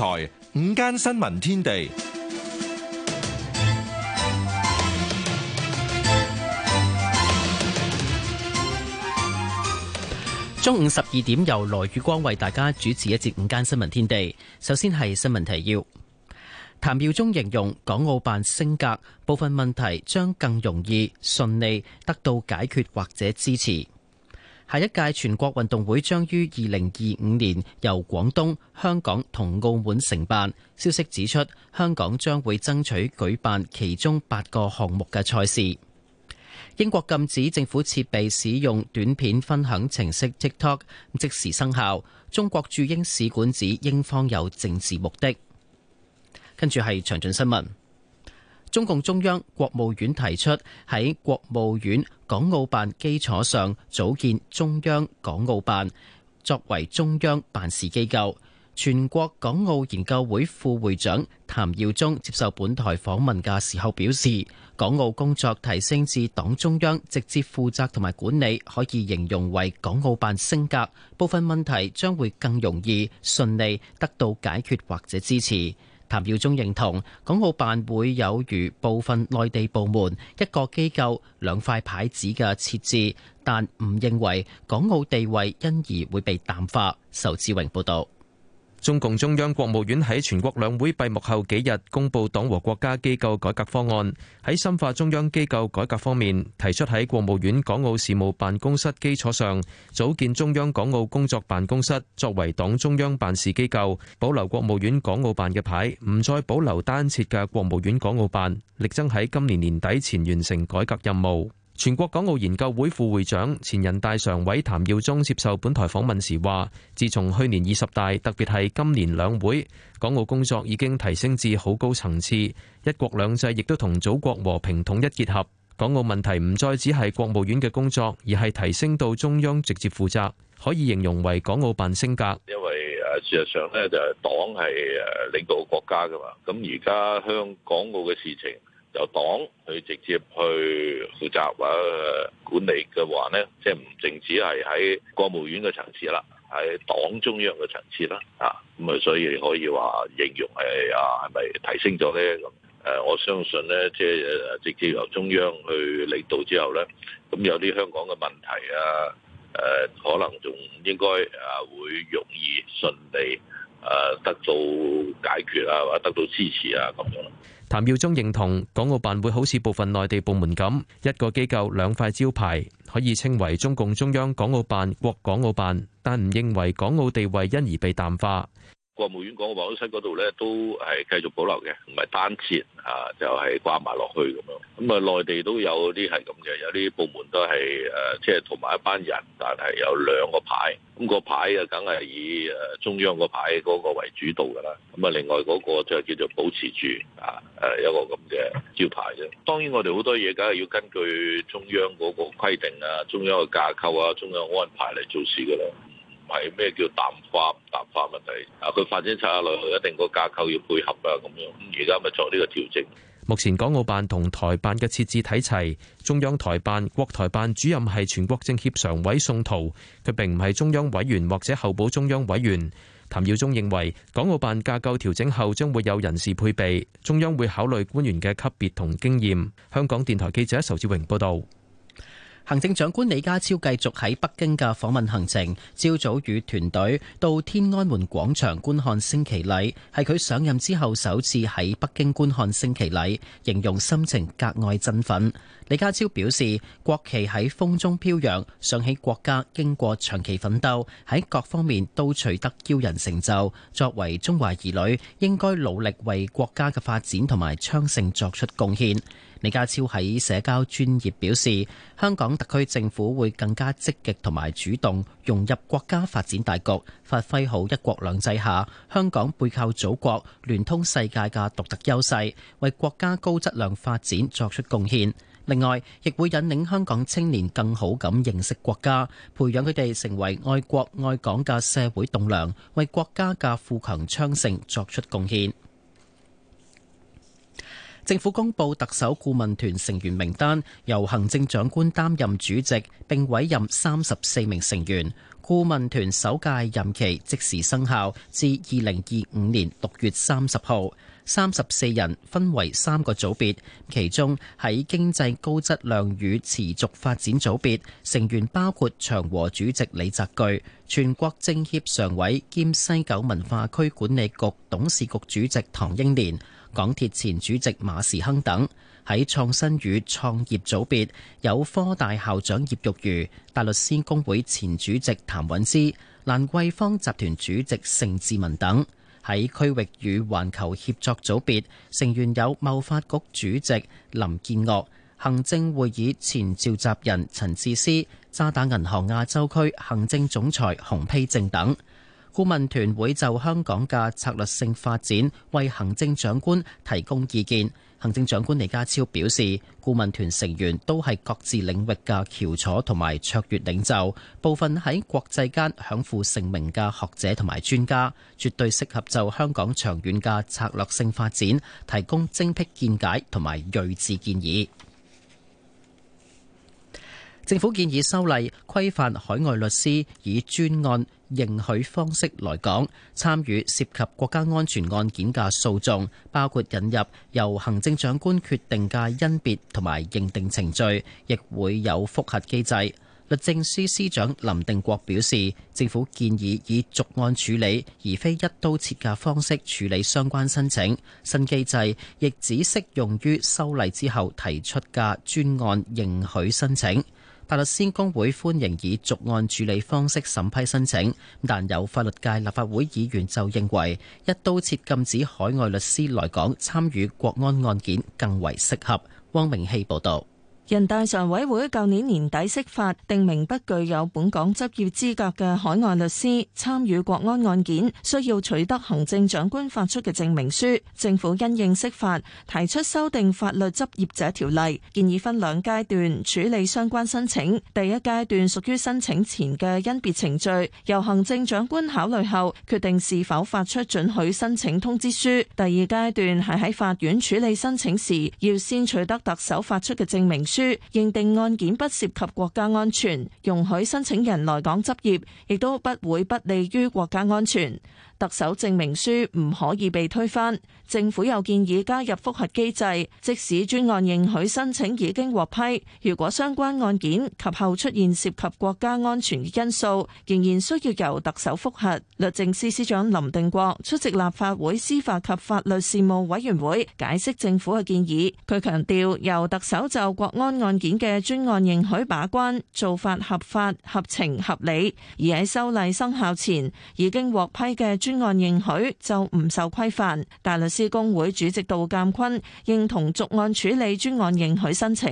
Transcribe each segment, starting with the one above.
台午間新聞天地，中午十二點由羅宇光為大家主持一節午間新聞天地。首先係新聞提要，譚耀宗形容港澳辦升格，部分問題將更容易順利得到解決或者支持。下一屆全國運動會將於二零二五年由廣東、香港同澳門承辦。消息指出，香港將會爭取舉辦其中八個項目嘅賽事。英國禁止政府設備使用短片分享程式 TikTok，即時生效。中國駐英使館指英方有政治目的。跟住係詳盡新聞。中共中央、國務院提出喺國務院港澳辦基礎上組建中央港澳辦，作為中央辦事機構，全國港澳研究會副會長譚耀宗接受本台訪問嘅時候表示，港澳工作提升至黨中央直接負責同埋管理，可以形容為港澳辦升格，部分問題將會更容易順利得到解決或者支持。譚耀宗認同港澳辦會有如部分內地部門一個機構兩塊牌子嘅設置，但唔認為港澳地位因而會被淡化。仇志榮報道。中共中央國務院喺全國兩會閉幕後幾日公布黨和國家機構改革方案，喺深化中央機構改革方面，提出喺國務院港澳事務辦公室基礎上，組建中央港澳工作辦公室，作為黨中央辦事機構，保留國務院港澳辦嘅牌，唔再保留單設嘅國務院港澳辦，力爭喺今年年底前完成改革任務。全國港澳研究會副會長、前人大常委譚耀宗接受本台訪問時話：「自從去年二十大，特別係今年兩會，港澳工作已經提升至好高層次，一國兩制亦都同祖國和平統一結合。港澳問題唔再只係國務院嘅工作，而係提升到中央直接負責，可以形容為港澳辦升格。因為誒，事實上呢就係黨係誒領導國家㗎嘛，咁而家香港澳嘅事情，由黨去直接去負責或，啊、管理嘅話呢，即係唔淨止係喺國務院嘅層次啦，喺黨中央嘅層次啦，啊咁啊，所以可以話形容係啊，係咪提升咗咧？誒、啊，我相信呢，即、啊、係直接由中央去領導之後呢，咁有啲香港嘅問題啊，誒、啊、可能仲應該啊會容易順利啊，啊得到解決啊，或，啊、者得到支持啊咁樣。啊啊譚耀宗認同港澳辦會好似部分內地部門咁，一個機構兩塊招牌，可以稱為中共中央港澳辦或港澳辦，但唔認為港澳地位因而被淡化。國務院講嘅辦公室嗰度咧，都係繼續保留嘅，唔係單設啊，就係、是、掛埋落去咁樣。咁、嗯、啊，內地都有啲係咁嘅，有啲部門都係誒，即係同埋一班人，但係有兩個牌，咁、嗯嗰個牌啊，梗係以誒中央個牌嗰個為主導㗎啦。咁、嗯、啊，另外嗰個就叫做保持住啊，誒、啊、一個咁嘅招牌啫。當然，我哋好多嘢梗係要根據中央嗰個規定啊、中央嘅架構啊、中央安排嚟做事㗎啦。係咩叫淡化、唔淡化問題？啊，佢發展策略內涵一定個架構要配合啊，咁樣。咁而家咪作呢個調整。目前港澳辦同台辦嘅設置睇齊，中央台辦、國台辦主任係全國政協常委宋濤，佢並唔係中央委員或者候補中央委員。譚耀宗認為，港澳辦架構調整後將會有人事配備，中央會考慮官員嘅級別同經驗。香港電台記者仇志榮報道。行政長官李家超繼續喺北京嘅訪問行程，朝早與團隊到天安門廣場觀看升旗禮，係佢上任之後首次喺北京觀看升旗禮，形容心情格外振奮。李家超表示，國旗喺風中飄揚，想起國家經過長期奮鬥，喺各方面都取得驕人成就，作為中華兒女，應該努力為國家嘅發展同埋昌盛作出貢獻。李家超喺社交專頁表示，香港特區政府會更加積極同埋主動融入國家發展大局，發揮好一國兩制下香港背靠祖國、聯通世界嘅獨特優勢，為國家高質量發展作出貢獻。另外，亦會引領香港青年更好咁認識國家，培養佢哋成為愛國愛港嘅社會棟梁，為國家嘅富強昌盛作出貢獻。政府公布特首顧問團成員名單，由行政長官擔任主席，並委任三十四名成員。顧問團首屆任期即時生效，至二零二五年六月三十號。三十四人分為三個組別，其中喺經濟高質量與持續發展組別成員包括長和主席李澤钜，全國政協常委兼西九文化區管理局董事局主席唐英年、港鐵前主席馬時亨等；喺創新與創業組別有科大校長葉玉如、大律師公會前主席譚允芝、蘭桂坊集團主席盛智文等。喺區域與環球協作組別成員有貿發局主席林建岳、行政會議前召集人陳智思、渣打銀行亞洲區行政總裁洪丕正等。顧問團會就香港嘅策略性發展為行政長官提供意見。行政長官李家超表示，顧問團成員都係各自領域嘅翹楚同埋卓越領袖，部分喺國際間享負盛名嘅學者同埋專家，絕對適合就香港長遠嘅策略性發展提供精闢見解同埋睿智建議。政府建議修例規範海外律師以專案認許方式來港參與涉及國家安全案件嘅訴訟，包括引入由行政長官決定嘅甄別同埋認定程序，亦會有複核機制。律政司司長林定國表示，政府建議以逐案處理，而非一刀切嘅方式處理相關申請。新機制亦只適用於修例之後提出嘅專案認許申請。大律師公會歡迎以逐案處理方式審批申請，但有法律界立法會議員就認為一刀切禁止海外律師來港參與國安案件更為適合。汪明希報導。人大常委會舊年年底釋法，定明不具有本港執業資格嘅海外律師參與國安案件，需要取得行政長官發出嘅證明書。政府因應釋法，提出修訂《法律執業者條例》，建議分兩階段處理相關申請。第一階段屬於申請前嘅甄別程序，由行政長官考慮後決定是否發出准許申請通知書。第二階段係喺法院處理申請時，要先取得特首發出嘅證明書。認定案件不涉及國家安全，容許申請人來港執業，亦都不會不利於國家安全。特首證明書唔可以被推翻，政府又建議加入複核機制，即使專案認許申請已經獲批，如果相關案件及後出現涉及國家安全嘅因素，仍然需要由特首複核。律政司司長林定國出席立法會司法及法律事務委員會，解釋政府嘅建議。佢強調，由特首就國安案件嘅專案認許把關做法合法合情合理，而喺修例生效前已經獲批嘅專案認許就唔受規範。大律師公會主席杜鑒坤認同逐案處理專案認許申請，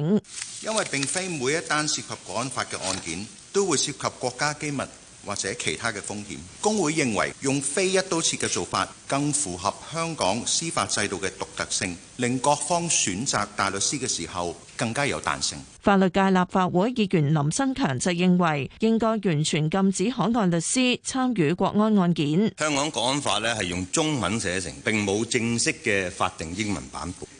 因為並非每一單涉及國安法嘅案件都會涉及國家機密。或者其他嘅風險，公會認為用非一刀切嘅做法更符合香港司法制度嘅獨特性，令各方選擇大律師嘅時候更加有彈性。法律界立法會議員林新強就認為應該完全禁止海外律師參與國安案件。香港國安法呢係用中文寫成，並冇正式嘅法定英文版本。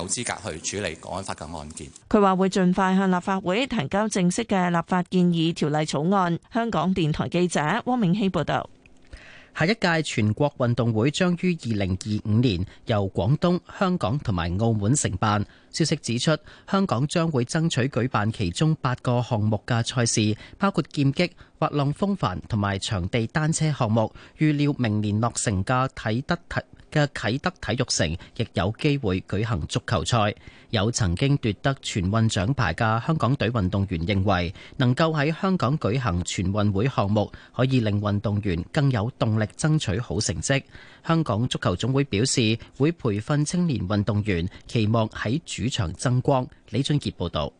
有資格去處理《港法》嘅案件。佢話會盡快向立法會提交正式嘅立法建議條例草案。香港電台記者汪明熙報道。下一屆全國運動會將於二零二五年由廣東、香港同埋澳門承辦。消息指出，香港將會爭取舉辦其中八個項目嘅賽事，包括劍擊、滑浪風帆同埋場地單車項目。預料明年落成嘅體得體。嘅啟德體育城亦有機會舉行足球賽。有曾經奪得全運獎牌嘅香港隊運動員認為，能夠喺香港舉行全運會項目，可以令運動員更有動力爭取好成績。香港足球總會表示，會培訓青年運動員，期望喺主場爭光。李俊傑報導。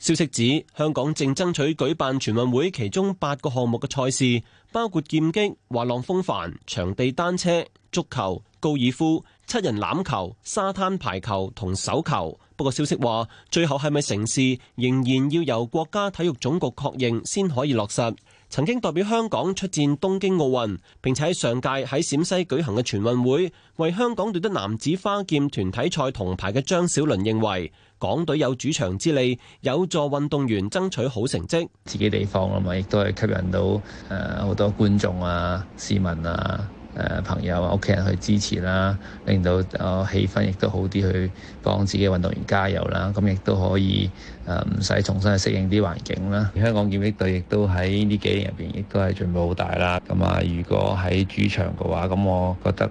消息指，香港正爭取舉辦全運會其中八個項目嘅賽事，包括劍擊、滑浪風帆、場地單車、足球、高爾夫、七人欖球、沙灘排球同手球。不過消息話最後係咪成事，仍然要由國家體育總局確認先可以落實。曾經代表香港出戰東京奧運，並且喺上屆喺陝西舉行嘅全運會為香港奪得男子花劍團體賽銅牌嘅張小倫認為，港隊有主場之利，有助運動員爭取好成績。自己地方啊嘛，亦都係吸引到誒好多觀眾啊、市民啊、誒朋友啊、屋企人去支持啦，令到個氣氛亦都好啲去幫自己運動員加油啦。咁亦都可以誒唔使重新去適應啲環境啦。香港劍擊隊亦都喺呢幾年入邊，亦都係進步好大啦。咁啊，如果喺主場嘅話，咁我覺得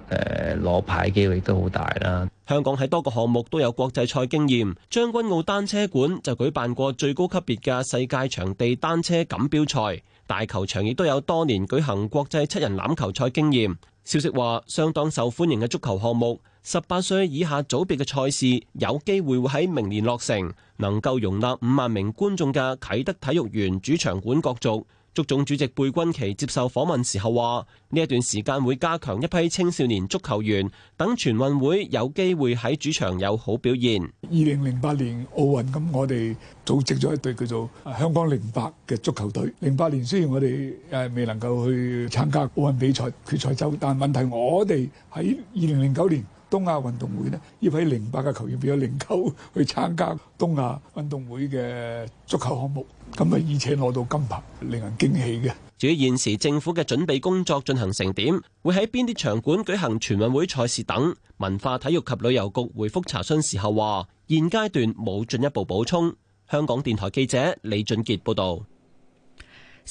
誒攞牌機會亦都好大啦。香港喺多個項目都有國際賽經驗，將軍澳單車館就舉辦過最高級別嘅世界場地單車錦標賽，大球場亦都有多年舉行國際七人欖球賽經驗，消息話相當受歡迎嘅足球項目十八歲以下組別嘅賽事有機會會喺明年落成，能夠容納五萬名觀眾嘅啟德體育園主場館角逐。足總主席貝鈞奇接受訪問時候話：呢一段時間會加強一批青少年足球員，等全運會有機會喺主場有好表現。二零零八年奧運咁，我哋組織咗一隊叫做香港零八嘅足球隊。零八年雖然我哋誒未能夠去參加奧運比賽決賽周，但問題我哋喺二零零九年東亞運動會呢，要喺零八嘅球員變咗零九去參加東亞運動會嘅足球項目，咁啊，而且攞到金牌，令人驚喜嘅。至於現時政府嘅準備工作進行成點，會喺邊啲場館舉行全運會賽事等，文化體育及旅遊局回覆查詢時候話，現階段冇進一步補充。香港電台記者李俊傑報道。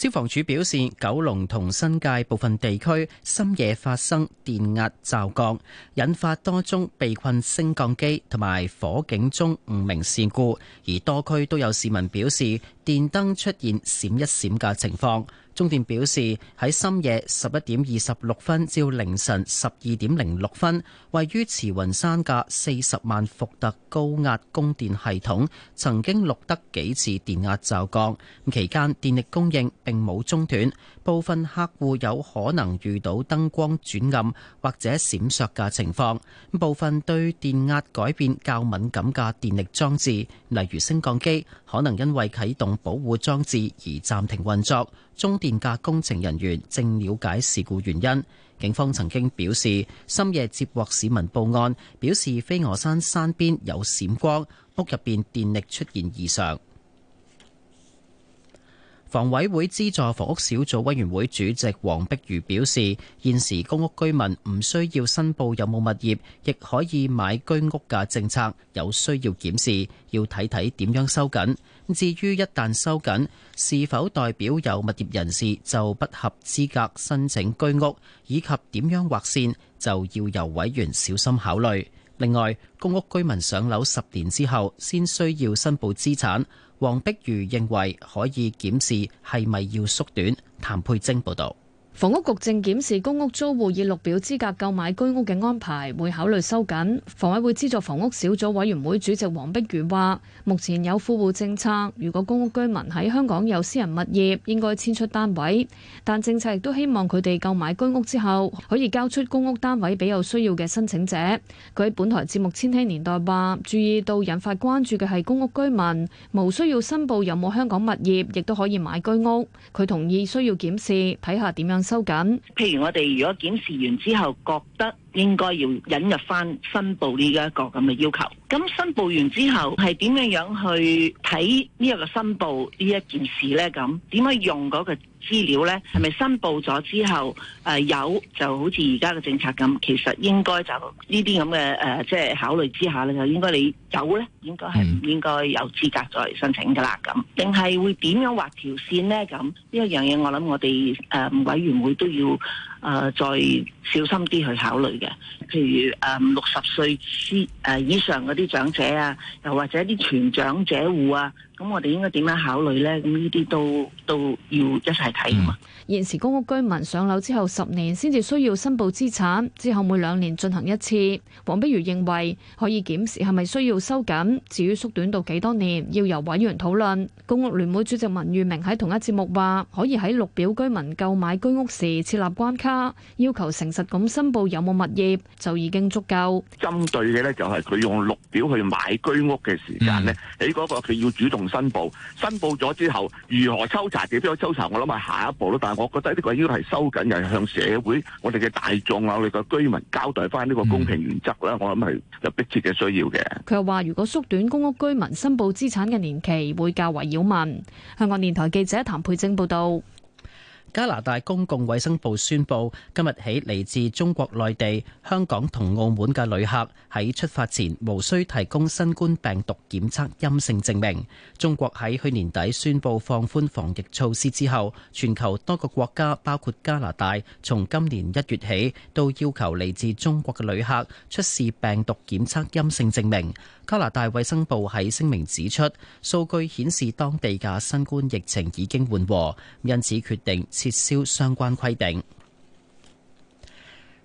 消防處表示，九龍同新界部分地區深夜發生電壓驟降，引發多宗被困升降機同埋火警鐘誤鳴事故，而多區都有市民表示電燈出現閃一閃嘅情況。中電表示，喺深夜十一點二十六分至凌晨十二點零六分，位於慈雲山嘅四十萬伏特高壓供電系統曾經錄得幾次電壓驟降，期間電力供應並冇中斷。部分客戶有可能遇到燈光轉暗或者閃爍嘅情況，部分對電壓改變較敏感嘅電力裝置，例如升降機，可能因為啟動保護裝置而暫停運作。中電嘅工程人員正了解事故原因。警方曾經表示，深夜接獲市民報案，表示飛鵝山山邊有閃光，屋入邊電力出現異常。房委會資助房屋小組委員會主席黃碧如表示：現時公屋居民唔需要申報有冇物業，亦可以買居屋嘅政策，有需要檢視，要睇睇點樣收緊。至於一旦收緊，是否代表有物業人士就不合資格申請居屋，以及點樣劃線，就要由委員小心考慮。另外，公屋居民上樓十年之後，先需要申報資產。黃碧如認為可以檢視係咪要縮短。譚佩晶報道。房屋局正檢視公屋租戶以綠表資格購買居屋嘅安排，會考慮收緊。房委會資助房屋小組委員會主席黃碧如話：目前有富戶政策，如果公屋居民喺香港有私人物業，應該遷出單位。但政策亦都希望佢哋購買居屋之後，可以交出公屋單位俾有需要嘅申請者。佢喺本台節目《千禧年代》話：注意到引發關注嘅係公屋居民無需要申報有冇香港物業，亦都可以買居屋。佢同意需要檢視，睇下點樣。收緊，譬如我哋如果檢視完之後覺得。應該要引入翻申報呢一個咁嘅要求，咁申報完之後係點樣樣去睇呢一個申報呢一件事咧？咁點樣用嗰個資料咧？係咪申報咗之後誒、呃、有就好似而家嘅政策咁？其實應該就呢啲咁嘅誒，即係考慮之下咧，就應該你有咧，應該係唔應該有資格再嚟申請噶啦？咁，定係會點樣劃條線咧？咁呢一樣嘢，我諗我哋誒委員會都要。誒、呃，再小心啲去考慮嘅，譬如誒六十歲之誒以上嗰啲長者啊，又或者啲全長者戶啊。咁我哋應該點樣考慮呢？咁呢啲都都要一齊睇噶嘛。現時公屋居民上樓之後十年先至需要申報資產，之後每兩年進行一次。黃碧如認為可以檢視係咪需要收緊，至於縮短到幾多年，要由委員討論。公屋聯會主席文裕明喺同一節目話：可以喺綠表居民購買居屋時設立關卡，要求誠實咁申報有冇物業，就已經足夠。針對嘅呢就係佢用綠表去買居屋嘅時間呢，喺嗰個佢要主動。申報申報咗之後，如何抽查，點樣抽查？我諗係下一步咯。但係我覺得呢個應該係收緊，係向社會、我哋嘅大眾啊、我哋嘅居民交代翻呢個公平原則啦。我諗係有迫切嘅需要嘅。佢又話，如果縮短公屋居民申報資產嘅年期，會較為擾民。香港電台記者譚佩晶報道。加拿大公共衛生部宣布，今日起，嚟自中國內地、香港同澳門嘅旅客。喺出發前，無需提供新冠病毒檢測陰性證明。中國喺去年底宣布放寬防疫措施之後，全球多個國家，包括加拿大，從今年一月起都要求嚟自中國嘅旅客出示病毒檢測陰性證明。加拿大衛生部喺聲明指出，數據顯示當地嘅新冠疫情已經緩和，因此決定撤銷相關規定。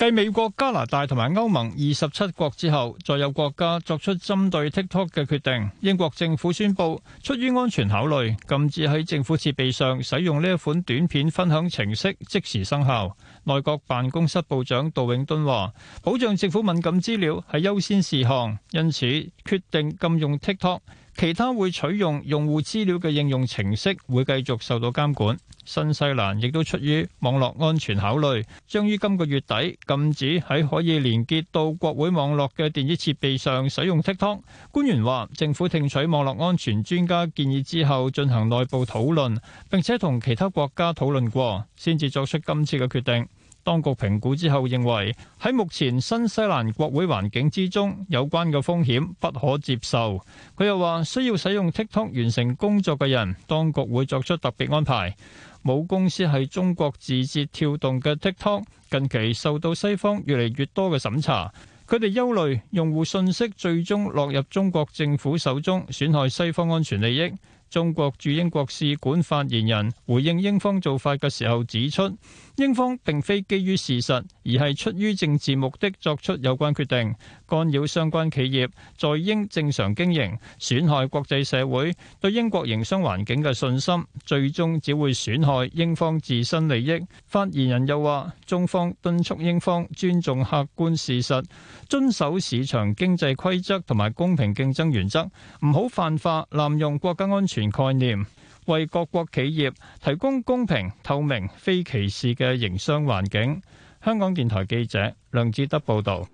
繼美國、加拿大同埋歐盟二十七國之後，再有國家作出針對 TikTok 嘅決定。英國政府宣布，出於安全考慮，禁止喺政府設備上使用呢一款短片分享程式，即時生效。內閣辦公室部長杜永敦話，保障政府敏感資料係優先事項，因此決定禁用 TikTok。其他會取用用戶資料嘅應用程式會繼續受到監管。新西蘭亦都出於網絡安全考慮，將於今個月底禁止喺可以連結到國會網絡嘅電子設備上使用 TikTok。官員話，政府聽取網絡安全專家建議之後進行內部討論，並且同其他國家討論過，先至作出今次嘅決定。當局評估之後認為，喺目前新西蘭國會環境之中，有關嘅風險不可接受。佢又話，需要使用 TikTok 完成工作嘅人，當局會作出特別安排。母公司係中國字節跳動嘅 TikTok，近期受到西方越嚟越多嘅審查。佢哋憂慮用戶信息最終落入中國政府手中，損害西方安全利益。中國駐英國使館發言人回應英方做法嘅時候指出：英方並非基於事實，而係出於政治目的作出有關決定，干擾相關企業在英正常經營，損害國際社會對英國營商環境嘅信心，最終只會損害英方自身利益。發言人又話，中方敦促英方尊重客觀事實，遵守市場經濟規則同埋公平競爭原則，唔好泛化濫用國家安全概念。為各國企業提供公平、透明、非歧視嘅營商環境。香港電台記者梁志德報道，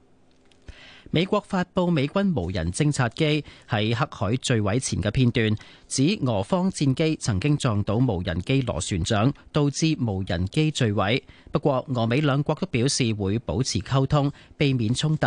美國發布美軍無人偵察機喺黑海墜毀前嘅片段，指俄方戰機曾經撞到無人機螺旋槳，導致無人機墜毀。不過，俄美兩國都表示會保持溝通，避免衝突。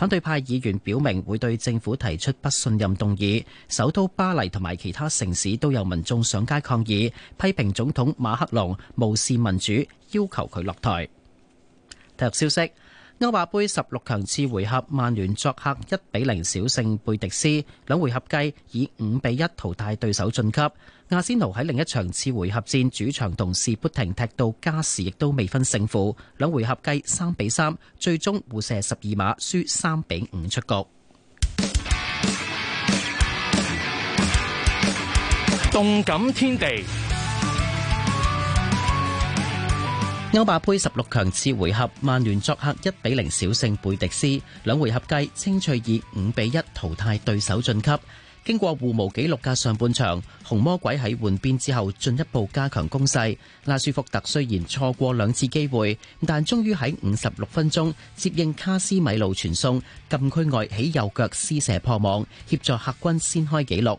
反對派議員表明會對政府提出不信任動議。首都巴黎同埋其他城市都有民眾上街抗議，批評總統馬克龍無視民主，要求佢落台。體育消息。歐霸盃十六強次回合，曼聯作客一比零小勝貝迪斯，兩回合計以五比一淘汰對手晉級。阿仙奴喺另一場次回合戰主場同士砵廷踢到加時，亦都未分勝負，兩回合計三比三，最終互射十二碼輸三比五出局。動感天地。歐霸盃十六強次回合，曼聯作客一比零小勝貝迪斯，兩回合計清脆以五比一淘汰對手晉級。經過互無紀錄嘅上半場，紅魔鬼喺換邊之後進一步加強攻勢。拉舒福特雖然錯過兩次機會，但終於喺五十六分鐘接應卡斯米路傳送，禁區外起右腳施射破網，協助客軍先開紀錄。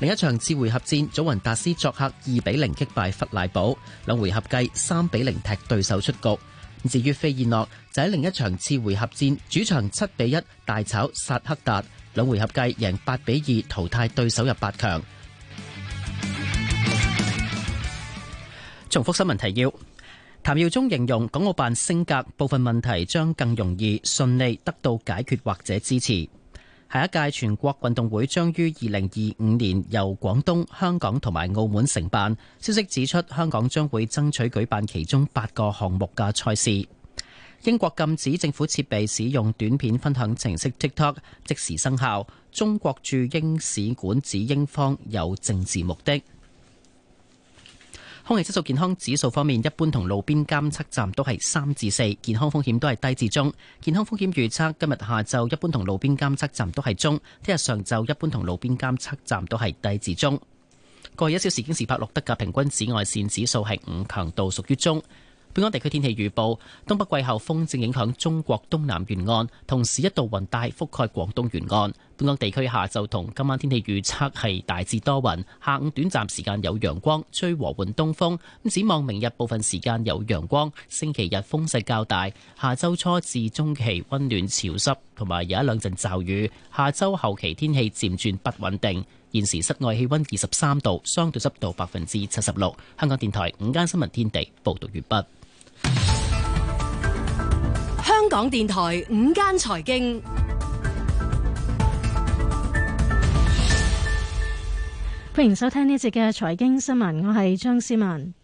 另一場次回合戰，祖雲達斯作客二比零擊敗弗賴堡，兩回合計三比零踢對手出局。至於費爾諾，就喺另一場次回合戰主場七比一大炒薩克達，兩回合計贏八比二淘汰對手入八強。重複新聞提要，譚耀宗形容港澳辦升格，部分問題將更容易順利得到解決或者支持。下一屆全國運動會將於二零二五年由廣東、香港同埋澳門承辦。消息指出，香港將會爭取舉辦其中八個項目嘅賽事。英國禁止政府設備使用短片分享程式 TikTok，即時生效。中國駐英使館指英方有政治目的。空氣質素健康指數方面，一般同路邊監測站都係三至四，健康風險都係低至中。健康風險預測，今日下晝一般同路邊監測站都係中，聽日上晝一般同路邊監測站都係低至中。過去一小時京士柏錄得嘅平均紫外線指數係五強度，屬於中。本港地區天氣預報：東北季候風正影響中國東南沿岸，同時一道雲帶覆蓋廣東沿岸。本港地區下晝同今晚天氣預測係大致多雲，下午短暫時間有陽光，吹和緩東風。咁展望明日部分時間有陽光，星期日風勢較大，下週初至中期溫暖潮濕，同埋有一兩陣驟雨。下週後期天氣漸轉不穩定。現時室外氣溫二十三度，相對濕度百分之七十六。香港電台午間新聞天地報道完畢。香港電台午間財經，歡迎收聽呢一節嘅財經新聞，我係張思文。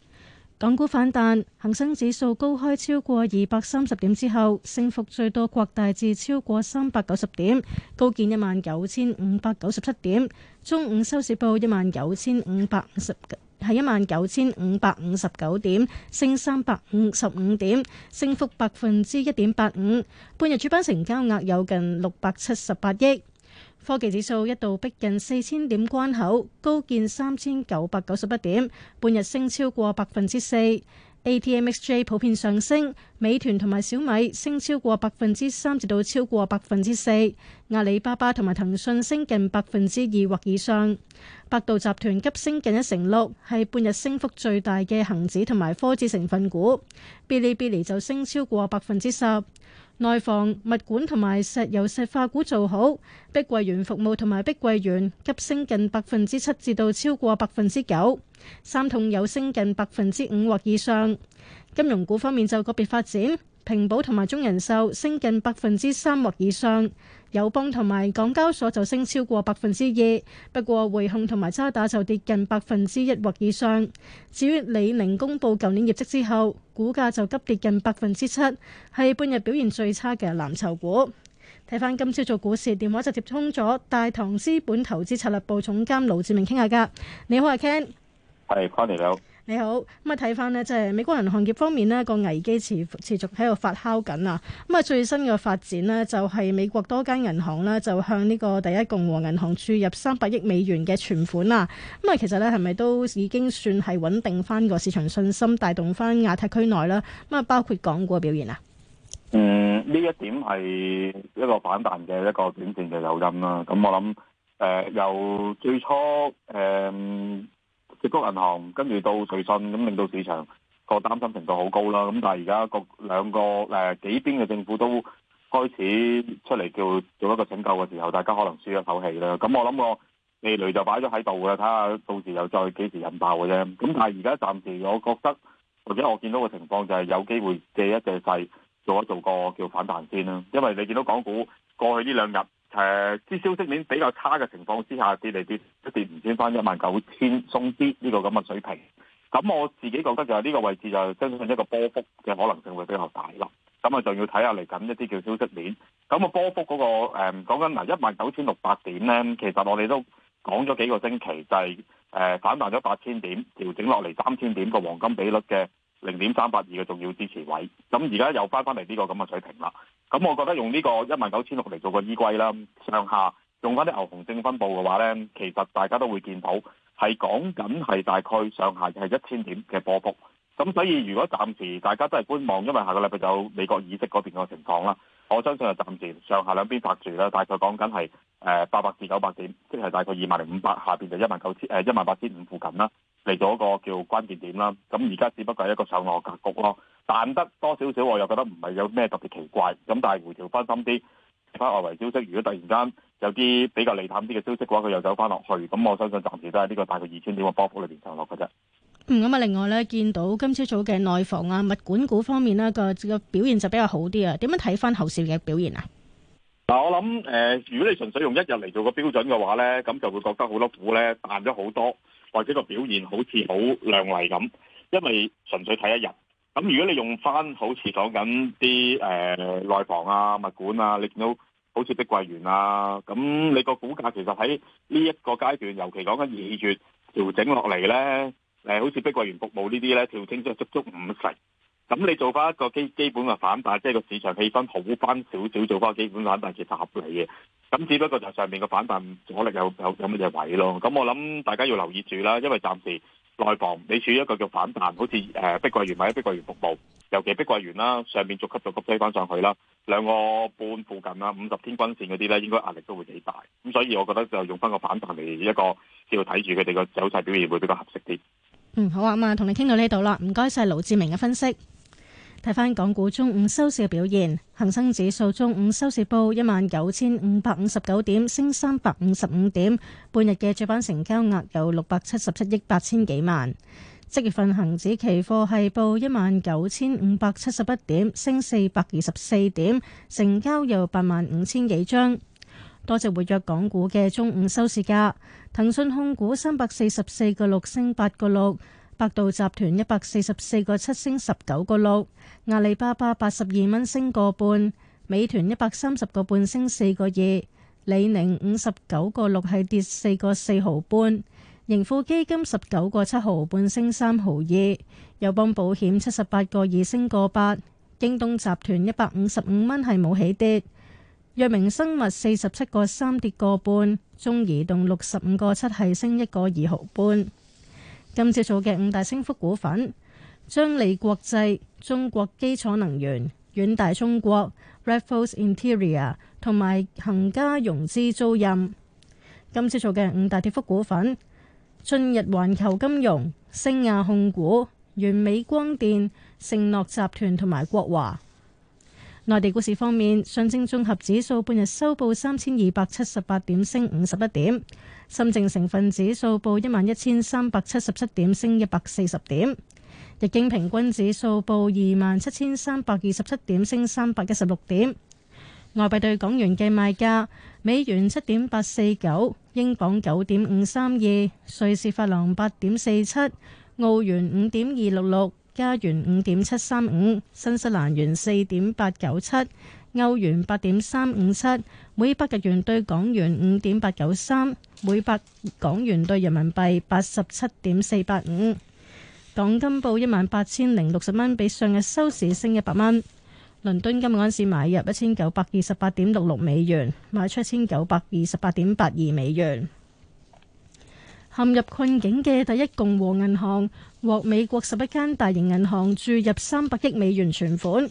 港股反彈，恒生指數高開超過二百三十點之後，升幅最多擴大至超過三百九十點，高見一萬九千五百九十七點，中午收市報一萬九千五百五十。喺一萬九千五百五十九點，升三百五十五點，升幅百分之一點八五。半日主板成交額有近六百七十八億。科技指數一度逼近四千點關口，高見三千九百九十一點，半日升超過百分之四。ATMXJ 普遍上升，美團同埋小米升超過百分之三至到超過百分之四，阿里巴巴同埋騰訊升近百分之二或以上，百度集團急升近一成六，係半日升幅最大嘅恒指同埋科技成分股，嗶哩嗶哩就升超過百分之十。內房物管同埋石油石化股做好，碧桂園服務同埋碧桂園急升近百分之七，至到超過百分之九，三桶油升近百分之五或以上。金融股方面就個別發展，平保同埋中人壽升近百分之三或以上。友邦同埋港交所就升超過百分之二，不過匯控同埋渣打就跌近百分之一或以上。至於李寧公佈舊年業績之後，股價就急跌近百分之七，係半日表現最差嘅藍籌股。睇返今朝早股市，電話就接通咗大唐資本投資策略部總監盧志明傾下㗎。你好，係 Ken。係，Connie 你好。你好，咁啊睇翻呢，即係美國銀行業方面呢個危機持持續喺度發酵緊啊！咁啊最新嘅發展呢，就係美國多間銀行呢，就向呢個第一共和銀行注入三百億美元嘅存款啊！咁啊，其實呢，係咪都已經算係穩定翻個市場信心，帶動翻亞太區內啦？咁啊，包括港股嘅表現啊？嗯，呢一點係一個反彈嘅一個短線嘅誘因啦。咁我諗誒、呃、由最初誒。呃矽谷銀行跟住到瑞信，咁令到市場個擔心程度好高啦。咁但係而家個兩個誒幾邊嘅政府都開始出嚟叫做一個拯救嘅時候，大家可能舒一口氣啦。咁我諗我地雷就擺咗喺度嘅，睇下到時又再幾時引爆嘅啫。咁但係而家暫時我覺得，或者我見到嘅情況就係有機會借一借勢做一做一個叫反彈先啦。因為你見到港股過去呢兩日。誒，啲、呃、消息面比較差嘅情況之下，跌嚟跌，跌唔穿翻一萬九千，鬆啲呢個咁嘅水平。咁我自己覺得就係呢個位置就相信一個波幅嘅可能性會比較大啦。咁啊，仲要睇下嚟緊一啲叫消息面。咁啊，波幅嗰、嗰個誒、呃，講緊嗱一萬九千六百點咧，其實我哋都講咗幾個星期，就係，就係誒反彈咗八千點，調整落嚟三千點個黃金比率嘅零點三八二嘅重要支持位。咁而家又翻翻嚟呢個咁嘅水平啦。咁、嗯、我覺得用呢個一萬九千六嚟做個依歸啦，上下用翻啲牛熊證分佈嘅話呢，其實大家都會見到係講緊係大概上下係一千點嘅波幅。咁所以如果暫時大家都係觀望，因為下個禮拜有美國議息嗰邊嘅情況啦，我相信係暫時上下兩邊拍住啦，大概講緊係誒八百至九百點，即、就、係、是、大概二萬零五百下邊就一萬九千誒一萬八千五附近啦。嚟咗一個叫關鍵點啦，咁而家只不過係一個上落格局咯，彈得多少少，我又覺得唔係有咩特別奇怪。咁但係回調翻深啲，翻外圍消息，如果突然間有啲比較利淡啲嘅消息嘅話，佢又走翻落去，咁我相信暫時都係呢個大概二千點嘅波幅裏邊上落嘅啫。嗯，咁啊，另外咧，見到今朝早嘅內房啊、物管股方面咧、啊，個、這個表現就比較好啲啊。點樣睇翻後市嘅表現啊？嗱、呃，我諗誒、呃，如果你純粹用一日嚟做個標準嘅話咧，咁就會覺得好多股咧彈咗好多。或者個表現好似好亮麗咁，因為純粹睇一日。咁如果你用翻好似講緊啲誒內房啊、物管啊，你見到好似碧桂園啊，咁你個股價其實喺呢一個階段，尤其講緊二月調整落嚟呢，誒好似碧桂園服務呢啲呢，調整咗足足五成。咁你做翻一個基基本嘅反彈，即係個市場氣氛好翻少少，做翻個基本反彈，其實合理嘅。咁只不過就上面個反彈可能有有有乜嘢位咯，咁我諗大家要留意住啦，因為暫時內房你處於一個叫反彈，好似誒碧桂園或者碧桂園服務，尤其碧桂園啦，上面逐級逐級推翻上去啦，兩個半附近啦，五十天均線嗰啲咧應該壓力都會幾大，咁所以我覺得就用翻個反彈嚟一個要睇住佢哋個走勢表現會比較合適啲。嗯，好啊嘛，同你傾到呢度啦，唔該晒，盧志明嘅分析。睇返港股中午收市嘅表現，恒生指數中午收市報一萬九千五百五十九點，升三百五十五點，半日嘅主板成交額有六百七十七億八千幾萬。即月份恒指期貨係報一萬九千五百七十一點，升四百二十四點，成交有八萬五千幾張。多隻活躍港股嘅中午收市價，騰訊控股三百四十四個六升八個六。百度集團一百四十四個七升十九個六，阿里巴巴八十二蚊升個半，美團一百三十個半升四個二，李寧五十九個六係跌四個四毫半，盈富基金十九個七毫半升三毫二，友邦保險七十八個二升個八，京東集團一百五十五蚊係冇起跌，藥明生物四十七個三跌個半，中移動六十五個七係升一個二毫半。今朝做嘅五大升幅股份：張利國際、中國基礎能源、遠大中國、Raffles Interior 同埋恒嘉融資租賃。今朝做嘅五大跌幅股份：駿日環球金融、星亞控股、完美光電、盛諾集團同埋國華。內地股市方面，上證綜合指數半日收報三千二百七十八點，升五十一點；深證成分指數報一萬一千三百七十七點，升一百四十點；日經平均指數報二萬七千三百二十七點，升三百一十六點。外幣兌港元嘅賣價：美元七點八四九，英鎊九點五三二，瑞士法郎八點四七，澳元五點二六六。加元五點七三五，35, 新西蘭元四點八九七，歐元八點三五七，每百日元對港元五點八九三，每百港元對人民幣八十七點四八五。港金報一萬八千零六十蚊，比上日收市升一百蚊。倫敦金按市買入一千九百二十八點六六美元，賣出一千九百二十八點八二美元。陷入困境嘅第一共和銀行，獲美國十一間大型銀行注入三百億美元存款。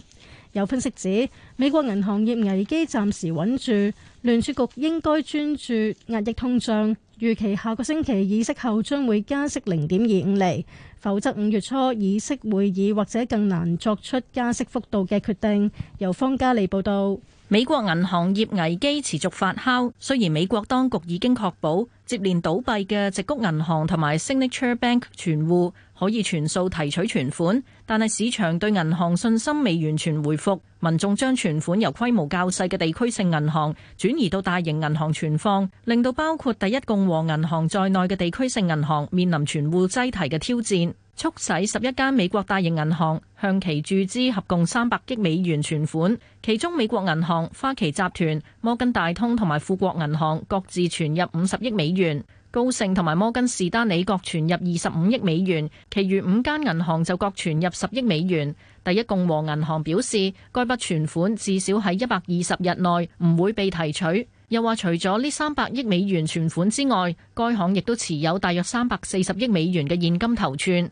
有分析指，美國銀行業危機暫時穩住，聯儲局應該專注壓抑通脹，預期下個星期議息後將會加息零點二五厘，否則五月初議息會議或者更難作出加息幅度嘅決定。由方嘉利報道。美國銀行業危機持續發酵，雖然美國當局已經確保接連倒閉嘅矽谷銀行同埋 Signature Bank 存戶可以全數提取存款，但係市場對銀行信心未完全回復，民眾將存款由規模較細嘅地區性銀行轉移到大型銀行存放，令到包括第一共和銀行在內嘅地區性銀行面臨存戶擠提嘅挑戰。促使十一間美國大型銀行向其注資合共三百億美元存款，其中美國銀行、花旗集團、摩根大通同埋富國銀行各自存入五十億美元，高盛同埋摩根士丹利各存入二十五億美元，其餘五間銀行就各存入十億美元。第一共和銀行表示，該筆存款至少喺一百二十日內唔會被提取，又話除咗呢三百億美元存款之外，該行亦都持有大約三百四十億美元嘅現金頭寸。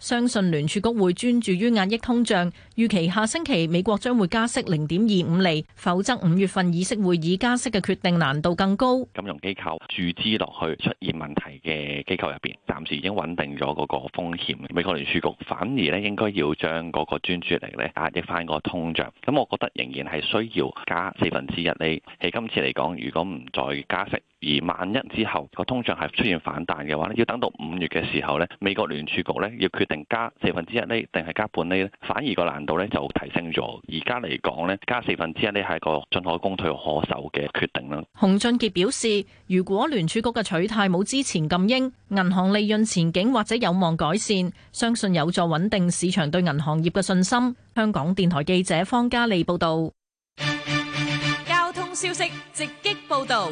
相信聯儲局會專注於壓抑通脹，預期下星期美國將會加息零點二五厘，否則五月份議息會議加息嘅決定難度更高。金融機構注資落去出現問題嘅機構入邊，暫時已經穩定咗嗰個風險。美國聯儲局反而咧應該要將嗰個專注力咧壓抑翻個通脹。咁我覺得仍然係需要加四分之一厘，喺今次嚟講，如果唔再加息，而萬一之後個通脹係出現反彈嘅話呢，要等到五月嘅時候呢，美國聯儲局呢，要決定加四分之一呢，定係加半厘咧，反而個難度呢就提升咗。而家嚟講呢，加四分之一呢，係一個進可攻退可守嘅決定啦。洪俊杰表示，如果聯儲局嘅取態冇之前咁英，銀行利潤前景或者有望改善，相信有助穩定市場對銀行業嘅信心。香港電台記者方嘉利報道。交通消息直擊報導。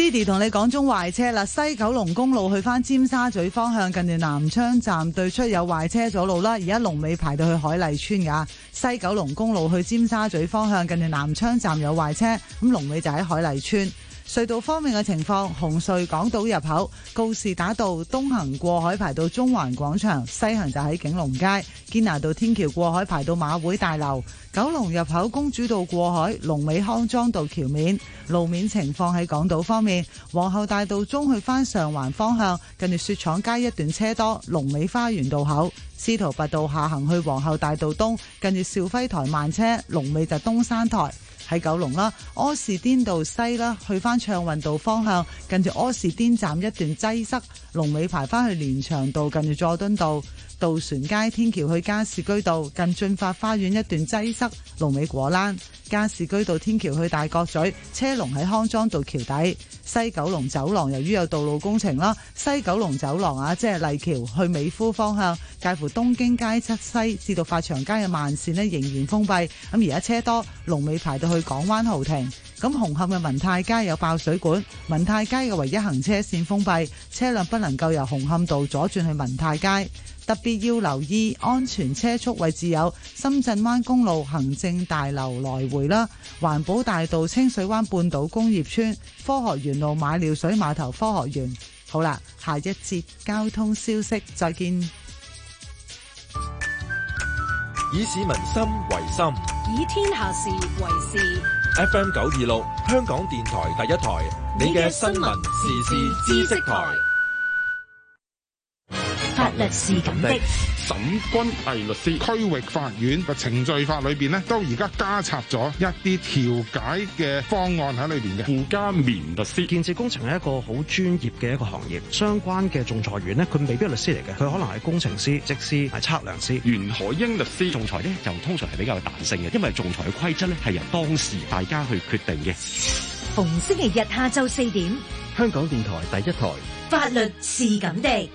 Didi 同你講中壞車啦，西九龍公路去返尖沙咀方向，近住南昌站對出有壞車阻路啦，而家龍尾排到去海麗村噶。西九龍公路去尖沙咀方向，近住南昌站有壞車，咁龍尾就喺海麗村。隧道方面嘅情況，紅隧港島入口告士打道東行過海排到中環廣場，西行就喺景隆街堅拿道天橋過海排到馬會大樓。九龍入口公主道過海，龍尾康莊道橋面。路面情況喺港島方面，皇后大道中去翻上環方向，近住雪廠街一段車多，龍尾花園道口。司徒拔道下行去皇后大道東，近住兆輝台慢車，龍尾就東山台。喺九龍啦，柯士甸道西啦，去翻暢運道方向，近住柯士甸站一段擠塞，龍尾排翻去連翔道，近住佐敦道。渡船街天橋去加士居道近駿發花園一段擠塞，龍尾果欄；加士居道天橋去大角咀車龍喺康莊道橋底。西九龍走廊由於有道路工程啦，西九龍走廊啊，即係麗橋去美孚方向，介乎東京街側西至到發祥街嘅慢線呢，仍然封閉。咁而家車多，龍尾排到去港灣豪庭。咁紅磡嘅文泰街有爆水管，文泰街嘅唯一行車線封閉，車輛不能夠由紅磡道左轉去文泰街。特別要留意安全車速位置，有深圳灣公路行政大樓來回啦，環保大道清水灣半島工業村，科學園路馬料水碼頭科學園。好啦，下一節交通消息，再見。以市民心為心，以天下事為事。FM 九二六，香港電台第一台，你嘅新聞時事知識台。法律是咁的，沈君毅律師，區域法院嘅程序法裏邊咧，都而家加插咗一啲調解嘅方案喺裏邊嘅，胡家綿律師。建設工程係一個好專業嘅一個行業，相關嘅仲裁員呢，佢未必係律師嚟嘅，佢可能係工程師、則師、係測量師。袁海英律師，仲裁呢，就通常係比較彈性嘅，因為仲裁嘅規則咧係由當時大家去決定嘅。逢星期日下晝四點，香港電台第一台，法律是咁的」。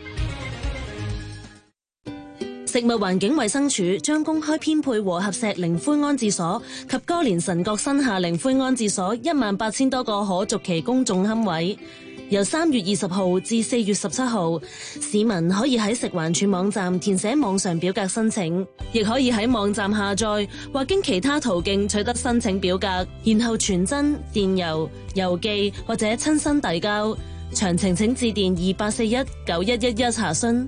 食物環境衞生署將公開編配和合石靈灰安置所及哥連臣角新下靈灰安置所一萬八千多個可續期公眾龕位，由三月二十號至四月十七號，市民可以喺食環署網站填寫網上表格申請，亦可以喺網站下載或經其他途徑取得申請表格，然後傳真、電郵、郵寄或者親身遞交。詳情請致電二八四一九一一一查詢。